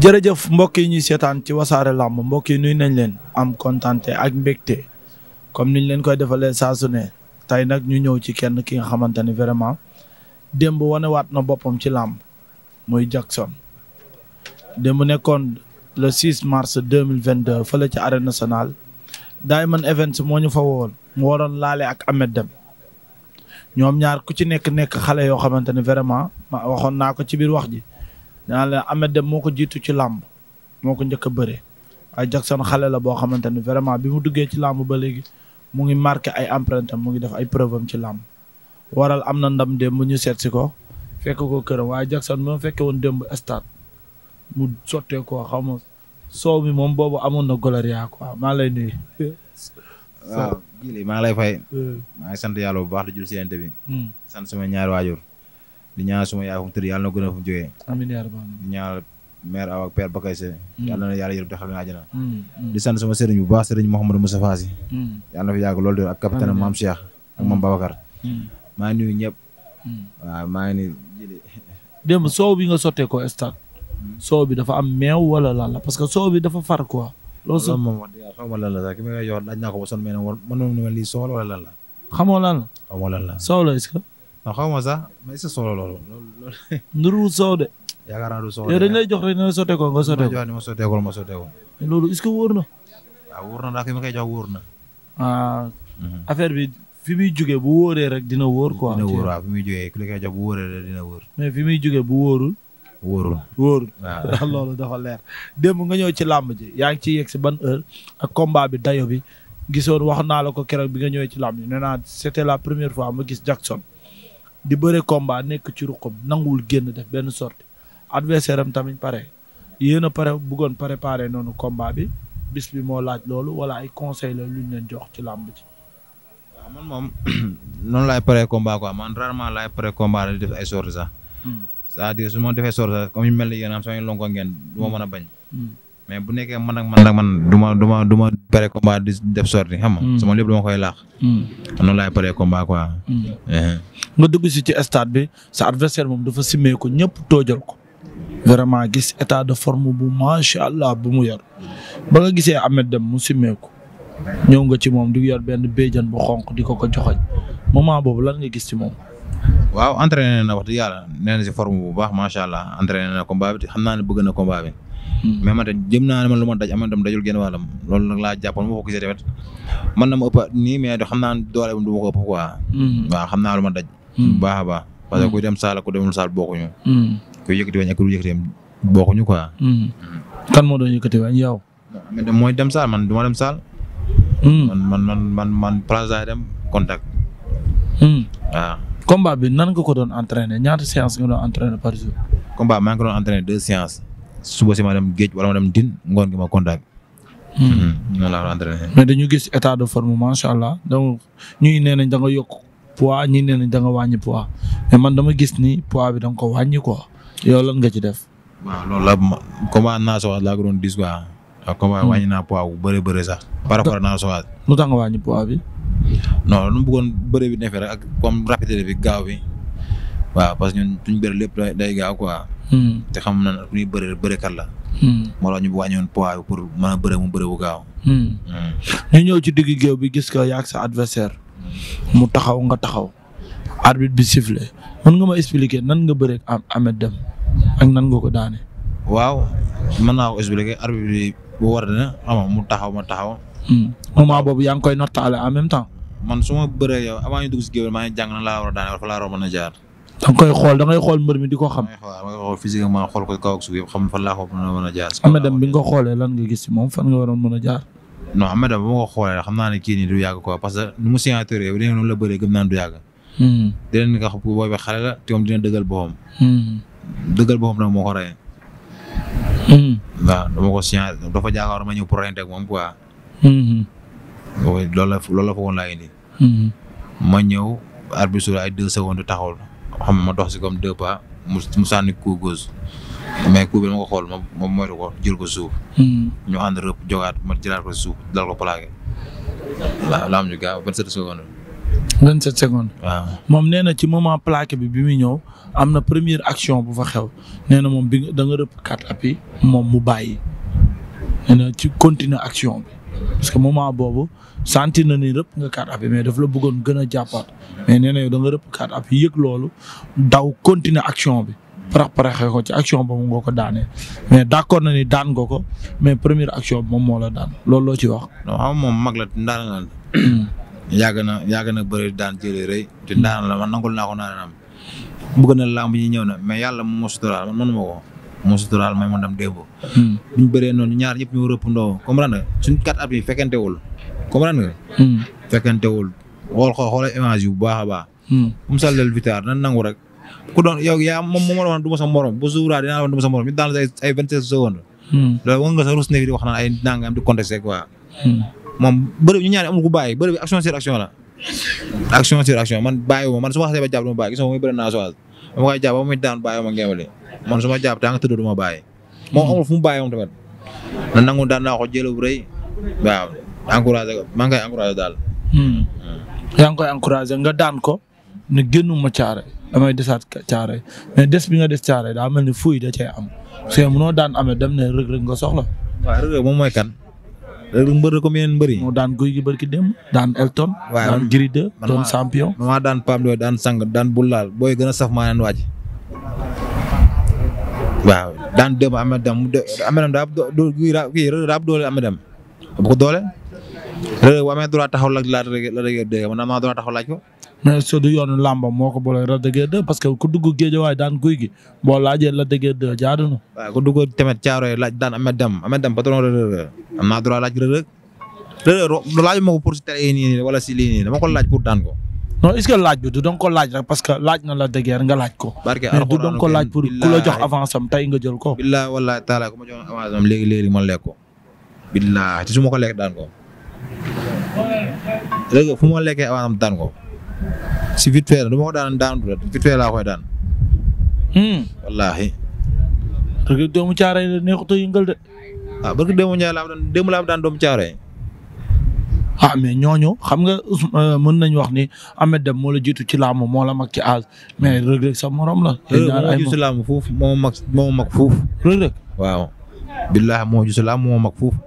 jërëjëf mbokk yi ñuy seetaan ci wasaare làmb mbokk yi nuy nañ leen am kontante ak mbégte comme niñ leen koy defalee saa su ne tey nag ñu ñëw ci kenn ki nga xamante ni vraiment démb wanewaat na boppam ci làmb muy Jackson démb nekkoon le 6 mars 2022 fële ci arène nationale Diamond Events moo ñu fa woon mu waroon laale ak Ahmed Deme ñoom ñaar ku ci nekk nekk xale yoo xamante ne vraiment waxoon naa ko ci biir wax ji danaa leen Ameth dem moo ko jiitu ci làmb moo ko njëkk a bëre waaye Jackson xale la boo xamante ni vraiment bi mu duggee ci làmb ba léegi mu ngi marqué ay empreinte mu ngi def ay preuve ci làmb waral am na ndam dem mu ñu seet si ko fekk ko këram waaye Jackson moom fekke woon démb stade mu sottee ko xaw ma soow mi moom boobu amoon na goloria quoi maa lay nuyu. waaw jii maa ngi lay fay. Hmm. maa ngi sant yàlla bu baax di jul si bi. Hmm. sant sama ñaari waajur. di ñaar suma yaay fu mu tëdd yàlla na gën a fu mu jógee amiin yaa rabbi di Bakay Se mm. yàlla na yàlla yërëm te xam mm, mm. bu baax sëriñ Mouhamadou Moustapha Sy yàlla na fi yàgg loolu de ak capitaine Mame Cheikh ak Mame Babacar maa ngi nuyu ñëpp waaw maa ngi ni soow bi nga sottee ko stade soow bi dafa am meew wala lan la parce que soow bi dafa far quoi loolu sax moom wax dëgg xaw ma lan la sax soow la wala xamoo lan la soow la est non xaw ma sax mais c'est solo loolu. nuru soow de. yaakaar naa du soow de yow dañ lay jox rek ne sotteekoo nga sotteekoo. ma jox ni ma sotteekoo ma sotteekoo. loolu est-ce que wóor na. waaw ah, wóor na ndax ki ma koy jox wóor na. Ah, mhm. affaire bi fi muy jógee bu wóoree rek dina wóor. quoi dina wóor waaw fi muy jógee ku la koy jox bu wóoree rek dina wóor. mais fi muy jógee bu wóorul. wóorul wóorul. waaw loolu dafa leer. démb nga ñëw ci làmb ji yaa ngi ciy yegg si ban heure ak combat bi dayo bi gisoon wax naa la ko keroog bi nga ñëwee ci làmb ji nee naa c'était la première fois ma gis Jackson di bëre combat nekk ci ruqam nanguwul génn def benn sorte adversaire am tamit pare yéen a pare bëggoon préparer noonu combat bi bis bi moo laaj loolu wala ay conseil la luñ leen jox ci làmb ci waaw man moom noonu laay pare combat quoi man rarement laay pare combat la def ay sorte sax hmm. c'est-à-dire su ma defee sorte sax comme ñu mel ni yéen am sama lonko ngeen du mën a bañ hmm. mais bu nekkee man ak man ak man du ma du ma du ma pare combat di def sorti xam nga. Hmm. sama lépp dama koy laax. Hmm. noonu laay paree combat quoi. Hmm. Eh. nga dugg ci stade bi sa adversaire moom dafa simmee ko ñëpp toojal ko. vraiment gis état de forme bu macha allah bu mu yor ba nga gisee Ahmed Deme mu simmee ko ñëw nga ci moom di yor benn béjjën bu xonq di ko ko joxoñ moment boobu lan nga gis ci moom. waaw entraîné na wax dëgg yàlla nee na si forme bu baax macha allah entraîné na combat xam naa ne bëgg na combat bi. Hmm. mais man de jëm naa ne man lu ma daj am tam dajul génn wàllam loolu laa jàppoon ma ko gisee tamit man na ma ëpp nii mais xam naa doole du ma ko ëpp quoi. Hmm. waaw xam naa lu ma daj. Hmm. baax a baax parce que ku dem saal ku demul saal bokkuñu. ku yëkkati wañ ak ku yëkkati bokkuñu quoi. kan moo doon yëkkati wañ de mooy dem saal man du ma dem saal. man man man man man place daay dem contact. waaw. combat bi nan nga ko doon entraîner ñaata séance nga doon entraîner par jour. combat maa ngi ko doon entraîner deux séances. suba si ma dem géej wala ma dem din ngoon gi ma contact. Hmm. Hmm. noonu laa war entraîné. mais dañu gis état de forme macha allah donc ñuy nee nañ da nga yokk poids ñii nee nañ da nga wàññi poids man dama gis ni poids bi da nga ko wàññi quoi nga ci def. waaw loolu la ma comment naa soxal laa hmm. wàññi naa poids bu bëree bëri sax. par rapport naa soxal. lu tax nga wàññi poids bi. non nu mu bëggoon bi neefee rek ak comme rapidité bi gaaw bi waaw parce que ñun suñu bëri lépp day gaaw quoi. Hmm. te xam na ku ñuy bëre bërekat la. Hmm. moo tax ñu wàññi woon poids bi pour mën a mu bëre bu gaaw. ñu hmm. ñëw ci digg géew bi gis ko yaag sa adversaire. mu taxaw nga taxaw. arbitre bi sifflé mën nga ma expliquer nan nga bëre a Ameth Dème ak nan nga ko daane. waaw mën naa ko expliquer arbitre bi bu war dina ama mu taxaw ma taxaw. moment boobu yaa ngi koy nottaale en même temps. man su ma bëree yow avant ñu géew maa ngi na laa war a daane wala fa laa war a mën a jaar. da nga koy xool da xool mbër mi di ko xam. waaw da nga xool physiquement xool fan laa ko mën a jaar. Ameth Deme bi nga ko xoolee lan nga gis ci moom fan nga waroon mën jaar. non Ameth Deme bu ma ko xoolee xam naa ne kii nii du yàgg quoi parce que nu mu signature bi dinañ noonu la bëree gëm naa du hmm. xale la te dina dëggal boppam. Hmm. dëggal boppam nag moo ko rey. Hmm. waaw dama ko signature dafa jaakaar ma ñëw pour reyante ak moom quoi. loolu la loolu la fa ma ñëw arbitre ay deux secondes taxawul. xam ma dox si comme deux mu mu sànni coup mais coup bi ma ko xool ma ma moytu ko jël ko suuf. Hmm. ñu ànd rëpp jogaat ma jëlaat ko suuf dal ko plaqué. waaw la am ñu gaaw 27 secondes. 27 secondes. moom nee na ci moment plaqué bi bi muy ñëw am na première action bu fa xew nee na moom bi rëpp quatre appuis moom mu bàyyi nee ci continuer action parce que moment boobu santir na ni rëpp nga carte d'appui mais daf la bëggoon gën a mais nee na yow rëpp carte d'appui yëg loolu daw continuer action bi. parax paraxee ko ci action boobu nga ko daanee mais d'accord na ni daan nga ko mais première action bi moom moo la daan loolu loo ci wax. non xam moom mag la ndaanaan yàgg na yàgg na bëri daan jëlee rey te ndaanaan la man nangul naa ko ndaanaan bëgg na làmb yi ñëw na mais yàlla mu moo suturaal man mënuma ko. moo suturaal may ma ndam déggoo. Hmm. bu ñu bëree noonu ñaar ñëpp ñoo rëpp ndoo comprendre nga suñ quatre at bi fekkentewul comprendre nga. Hmm. fekkentewul xool xoo xoolal image yu bu baax a baax. Hmm. comme ça lel Vitar nan nangu rek. ku doon yaa moom moo ma doon du ma sa morom bu suuraa dinaa la woon du ma sa morom ñu daal ay ay vingt sept ay nangam di contesté quoi. moom bëri ñu ñaari amul ku bàyyi bëri bi action sur la. action sur action man bàyyi wu ma man su ma xasee ba jàpp dama bàyyi gis nga mooy bëri naa dama koy jàpp ba muy daan bàyyi ma ngeewale moon su ma jàpp daa nga tëdd du ma bàyyi. moom amul fu mu bàyyi moom tamit na nangu daan naa ko jël bu rëy waaw man ko maa daal. Hmm. Hmm. yaa ngi koy nga daan ko ne génnuma caare damay desaat caare mais des bi nga des caare daa mel ni fuuy da cay am parce que munoo daan amee dem ne rëg nga soxla. waaw rëg moom mooy kan. rek lu mbër la yi. moo daan guy gi barki dem daan Elton. waaw daan Gris 2 doon maa daan Pam Doy daan sang daan Bulaal booy gën a saf maa daan waaj. waaw daan démb am na daa kii doole am na doole. Reug Reug bu amee droit taxaw laaj laaj la moo ko boole parce que ku dugg géejawaay daan guy gi boo laajee la dëgër de jaadu na. waaw ku dugg tamit laaj daan Ameth Dème Ameth Dème patron Reug Reug am naa droit laaj Reug Reug laaj ma ko pour si tere yi nii wala si lii dama ko laaj pour daan ko. non bi du doon laaj parce que laaj na la dëgër nga laaj ko. barke mais du doon ko laaj pour ku la jox avance am tey nga jël ko. billaahi wallaahi ko. billaahi te su ma daan ko léegi fu ma lekkee awaanam daan ko si vite fait la du ma ko daan daan du vite fait koy daan. Hmm. wallaahi. parce que doomu caaray la neexut a yëngal de. ah parce que doomu laa daan daan doomu caaray. ah mais ñooñu xam nga euh, mën nañu wax ni Ameth Deme moo la ci laamu moo la mag ci âge mais Reug Reug sa morom moo jiitu si waaw. billaahi moo jiitu si laamu moo mag foofu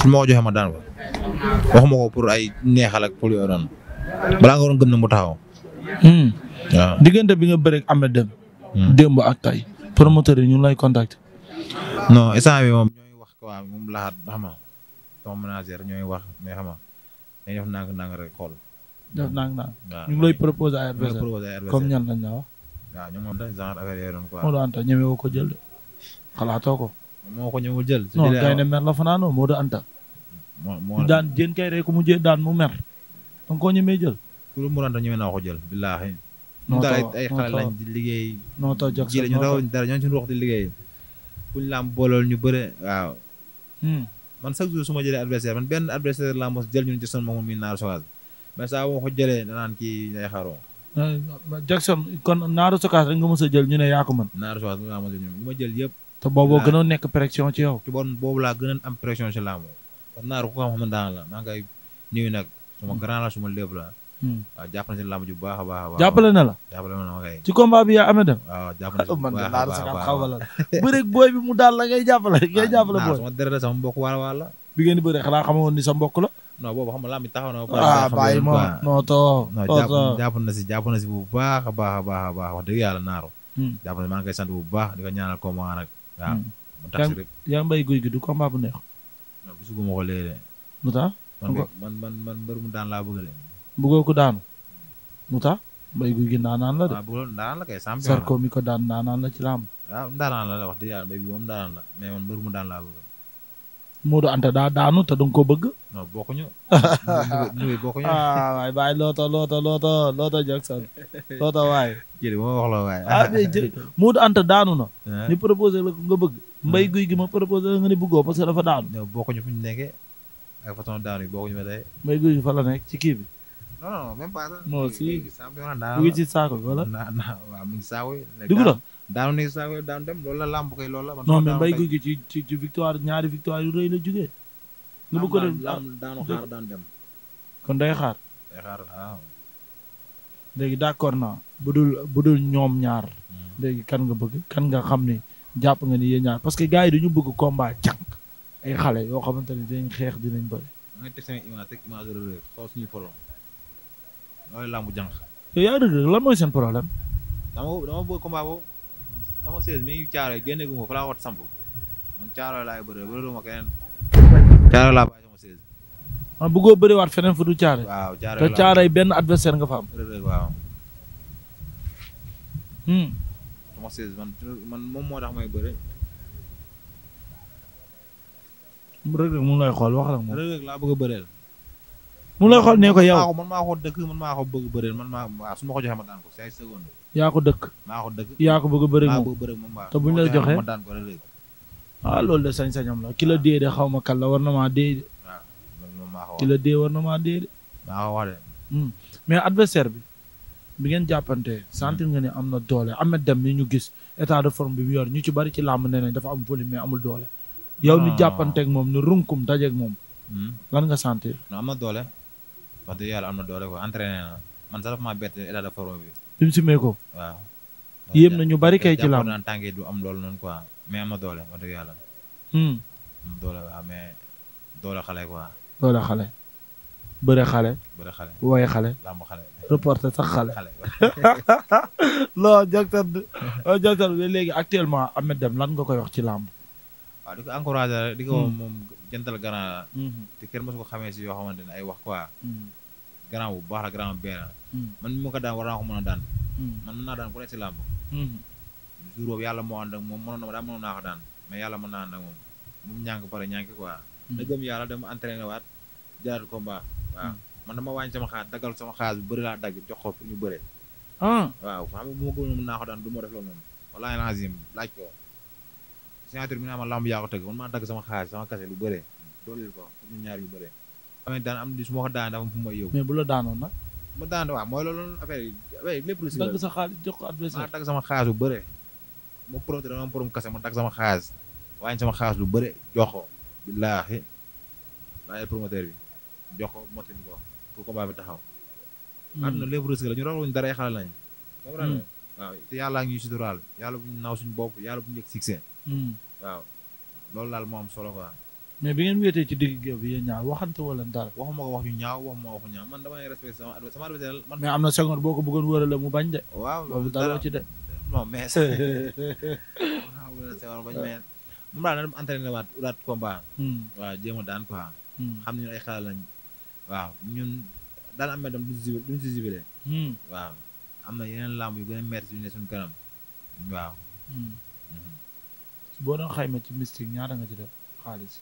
su ma ko joxee ma daan wa waxuma ko pour ay neexal ak pour yooyu noonu balaa nga waroon gëm ne mu taxaw. Hmm. waaw diggante bi nga bëreeg am na dem. Hmm. démb ak promoteur yi ñu lay contacter. non instant bi moom ñooy wax quoi moom laxaat xam nga sama manager ñooy wax mais xam nga dañuy def nang nang rek xool. def nang nang ñu ngi lay proposer ay adversaire comme ñan lañ la wax. waaw ñu ngi moom dañ genre jël de xalaatoo ko. moo ko ñëwul jël. non moo da daan jën kay mu jë daan mu mer. danga koo ñemee jël. ku mu ranta ñemee naa ko jël billaahi. noo taw ay xale lañ di liggéey. dara ñoo ci ruux di liggéey. kuñ lam boolool ñu bëre waaw. Hmm. man chaque jour su ma man benn adversaire laa mos jël ñun Jackson moom mi naaru sokaas mais saa boo ko jëlee danaan ki day xaroo. Eh, Jackson kon naaru sokaas rek nga mos a jël ñu ne yaa ko mën. naaru ma jël yëpp te boobu gënoon nekk pression ci yow. ci laamu. naar ku ko xam la maa ngay nuyu nag. suma hmm. grand na hmm. si laamu ji bu baax a baax a baax. jàppale na na ma kay. ci combat bi yaa amee dem. waaw jàpp baax a baax a baax man mu daal la ngay jàppale. ngay jàppale booy sama deret sama mbokk waala waala. bi sa mbokk la. non boobu xam nga laam bi taxaw na. ah bàyyi ma non na si jàpp na si bu a baax a baax a baax wax dëgg yàlla naaru. Hmm. maa ngi koy bu baax di ko ñaanal ko ma waaw mu hmm. tax si du combat bu neex. non bisuguma ko léegi. lu tax man man man mbër mu daan laa bëgg de. bëggoo ko daanu. lu ta mbay guy gi ndaanaan la de. waaw bëggoon ndaanaan la kay champion. sarko daan la ci làmb. waaw ndaanaan la wax dëgg yàlla mbay bi moom la mais man mbër mu daan laa bëgg. Modou Anta daa daanu te danga ko bëgg. non bokkuñu. nuyu bokkuñu. ah waay bàyyi looto looto looto looto Jackson looto waay. jëli ma wax la waay. ah mais jëli Modou Anta daanu na. Ah. ñu proposé la nga bëgg. mbay ah. guy gi ma proposé la nga ni bëggoo parce que dafa daanu. non fu ñu nekkee ak façon daanu yi bokkuñu ba tey. mbay guy gi fa nekk ci kii bi. non non même pas. non si mu ngi ci saako bi wala. waaw mu ngi saako yi. daanu ni saako daanu dem loolu la làmb koy loolu la. man non mais Mbaye Gouye Gui ci ci ci victoire ñaari la jógee. nu dem. kon day xaar. day xaar waaw. léegi d'accord naa bu dul bu dul ñoom ñaar. Hmm. léegi kan nga bëgg kan nga xam ni jàpp nga ni yéen ñaar parce que gars yi dañu bëgg combat ay xale yoo xamante ni dinañ xeex dinañ bëri. da ngay teg seen image teg yaa Reug Reug lan seen problème. sama mi ngi caaro génne gu ma fa laa wat samp man caaro laay bëree bëree ma keneen caaro laa bàyyi sama siège. ah bëggoo feneen fu caaro. waaw benn adversaire nga fa am. waaw. Hmm. moo tax may bëri. rëgg-rëgg mu ngi lay xool wax la moom rëgg-rëgg laa bëgg mu lay xool ne ko yow man dëkk man maa bëgg bëri man maa waaw su ma ko joxee ma daan ko yaa ko dëkk maa ko dëkk yaa ko bëgg bëri moom te buñ la joxee ma daan ko rek ah loolu de sañ-sañam la kilo la dee de xaw ma kan la war na maa dee de maa dee de maa ko wax de hmm. mais adversaire bi bi ngeen jàppante sentir nga ne am na doole am na dem mi ñu gis état de forme bi mu yoon ñu ci bari ci làmb ne nañ dafa am volume mais amul doole yow ni jàppanteeg moom ni runkum dajeeg moom hmm. lan nga sentir am na doole wax dëgg yàlla am na doole ko entraîné na man sax dafa maa bett état simee ko. waaw. na ñu bari kay ci lamb naan tànk du am loolu noonu quoi mais am doole wax dëgg yàlla. Hmm. am doole waaw mais doole xale quoi. xale. bëre xale. bëre xale woy xale. lamb xale. reporter sax a non Jackson Jackson léegi actuellement Ameth Dème lan nga koy wax ci làmb jantal grand la. Mhm. te kenn mosu ko xamee si yoo xamante ne ay wax quoi. Mhm. grand bu baax la grand bu benn mhm. man mi ma ko daan war naa ko a daan. man mën naa daan ku nekk si làmb. jour boobu yàlla moo ànd ma daa mënoon naa ko daan mais yàlla mën naa ànd ak moom moom ñànk pare ñànk quoi. na gëm yàlla dama entraîné waat jaaraat combat waaw man dama wàññi sama xaar daggal sama xaar bu bëri laa dagg jox ko pour ñu bëre. Ah. waaw xam nga bu ma gënoon naa ko daan du ma loolu noonu. wallaahi lazim laaj ko. signature bi naa ma lamb yaa ko tëgg man maa dagg sama xaalis sama kase lu bëree dooleel ko pour ñu ñaar yu bëree amee daan am di su ma ko daan dafa fu may yóbbu mais bu la daanoon nag ma daan waaw mooy loolu affaire yi lépp lu si dagg sa xaalis jox ko adversaire maa dagg sama xaalis lu bëree ma promoteur dama am borom kase ma dagg sama xaalis waañ sama xaalis lu bëre jox ko billaahi waaye promoteur bi jox ko motin ko pour combat bi taxaw hmm. àdduna lépp risque la ñu rawluñu dara ay xale lañ hmm. comprendre waaw te yàllaa ngi suturaal yàlla bu ñu naaw suñu bopp yàlla bu ñu yëg succès Hmm. waaw loolu laal moom solo quoi. mais bi ngeen wéetee ci digg géew bi yéen ñaar waxante wala dara. waxuma ko wax ñu ñaaw waxuma ko wax ñu ñaaw man damay respecté sama adversaire sama adversaire man. mais am na seconde boo ko bëggoon wërale mu bañ de. waaw loolu dara de. non mais. moom daal na dem entraîné waat uraat combat. Hmm. waaw a daan quoi. Hmm. xam ne ñun ay xelal lañ. waaw ñun daal am na dem duñ si duñ si zibilé. waaw am na yu gën a metti suñu ne suñu kanam waaw. Mhm. boo doon xayma ci mystique ñaata nga ci def xaalis.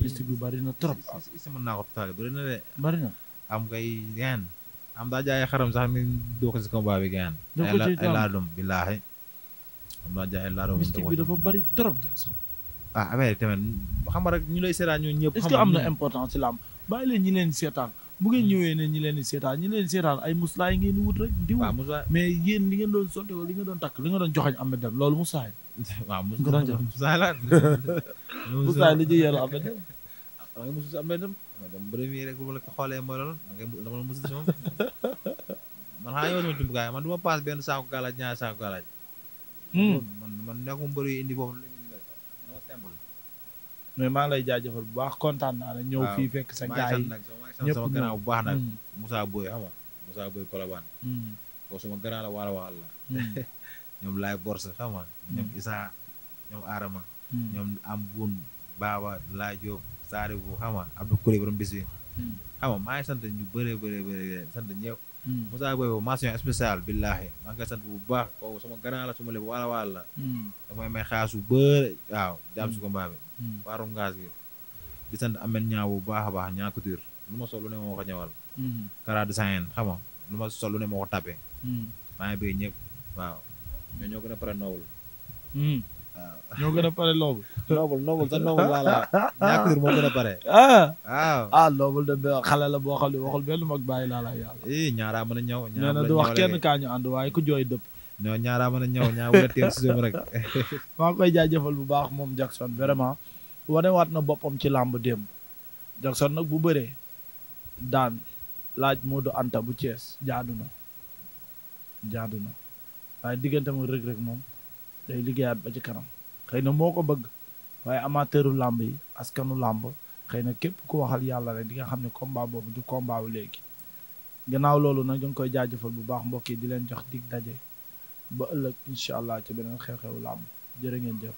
mystique bi bari na trop. si mën naa ko totale bari na de. na am kay gaan am daa jaay xaram sax mi doo ko si combat bi gaan. doo ko ay laadum billaahi am daa jaay ay laadum mystique bi dafa bari trop. ah affaire yi tamit xam am na importance ci làmb bàyyi leen ñi leen seetaan. bu ngeen hmm. ñëwee ne ñi leen di seetaan ñi leen di seetaan ay muslaay ngeen di wut rek. diw mais yéen li doon sotti doon takk doon joxañ am na dem loolu muslaay waaw mos ko doon jox Moussa la. Moussa li ñuy yàlla am na dem. ah dama mos a am na dem ma du ma paas benn saako galaaj ñaari saako galaaj. man man nekkul mbër yi indi foofu la ñu maa lay jaajëfal bu baax kontaan naa la ñëw fii fekk sa gars sama grand bu baax nag. Moussa Boye xam nga Moussa Boye Colabane. la waala waala ñoom laay borsa xam nga hmm. ñoom Issa ñoom Arama hmm. ñoom am buun baaba laa Jóob saari bu xam nga Abdou Kuli borom bis bi hmm. xam nga maa ngi sant ñu bëree bëree bëree sant ñëpp Moussa Boy boobu mention spéciale billaahi maa ngi koy sant bu baax kooku sama grand la suma lépp waala waala la damay may xaas bu bëre waaw jàpp si combat bi waarum ngaas gi di sant amen ñaaw bu baax a baax ñaa couture lu ma sol lu ne moo ko ñëwal kara du saen xam nga lu ma sol lu ne moo ko tapé maa ngi bëgg ñëpp waaw mais ñoo gën a pare noble. Hmm. waaw ñoo gën a pare noble. noble la ñàkk moo gën a pare. ah ah noble de xale la boo xam ne waxul benn mag bàyyi laa la yàlla. ii ñaaraa mën a ñëw. ñaaraa mën a ñëw nee na du wax kenn kaa ñu ànd waaye ku jooy dëpp. ñoo ñaaraa mën a ñaa wala teel si rek. maa ngi koy jaajëfal bu baax moom Jackson wane wanewaat na boppam ci làmb démb Jackson nag bu bëree daan laaj Modou Anta bu Thiès jaadu na waaye digganteem ak Reug Reug moom day liggéeyaat ba ci kanam xëy na moo ko bëgg waaye amateuru làmb yi askanu làmb xëy na képp ku waxal yàlla rek di nga xam ne combat boobu du combat léegi gannaaw loolu nag ñu ngi koy jaajëfal bu baax mbokk yi di leen jox dig daje ba ëllëg incha allah ci beneen xew-xewu làmb jërë ngeen jëf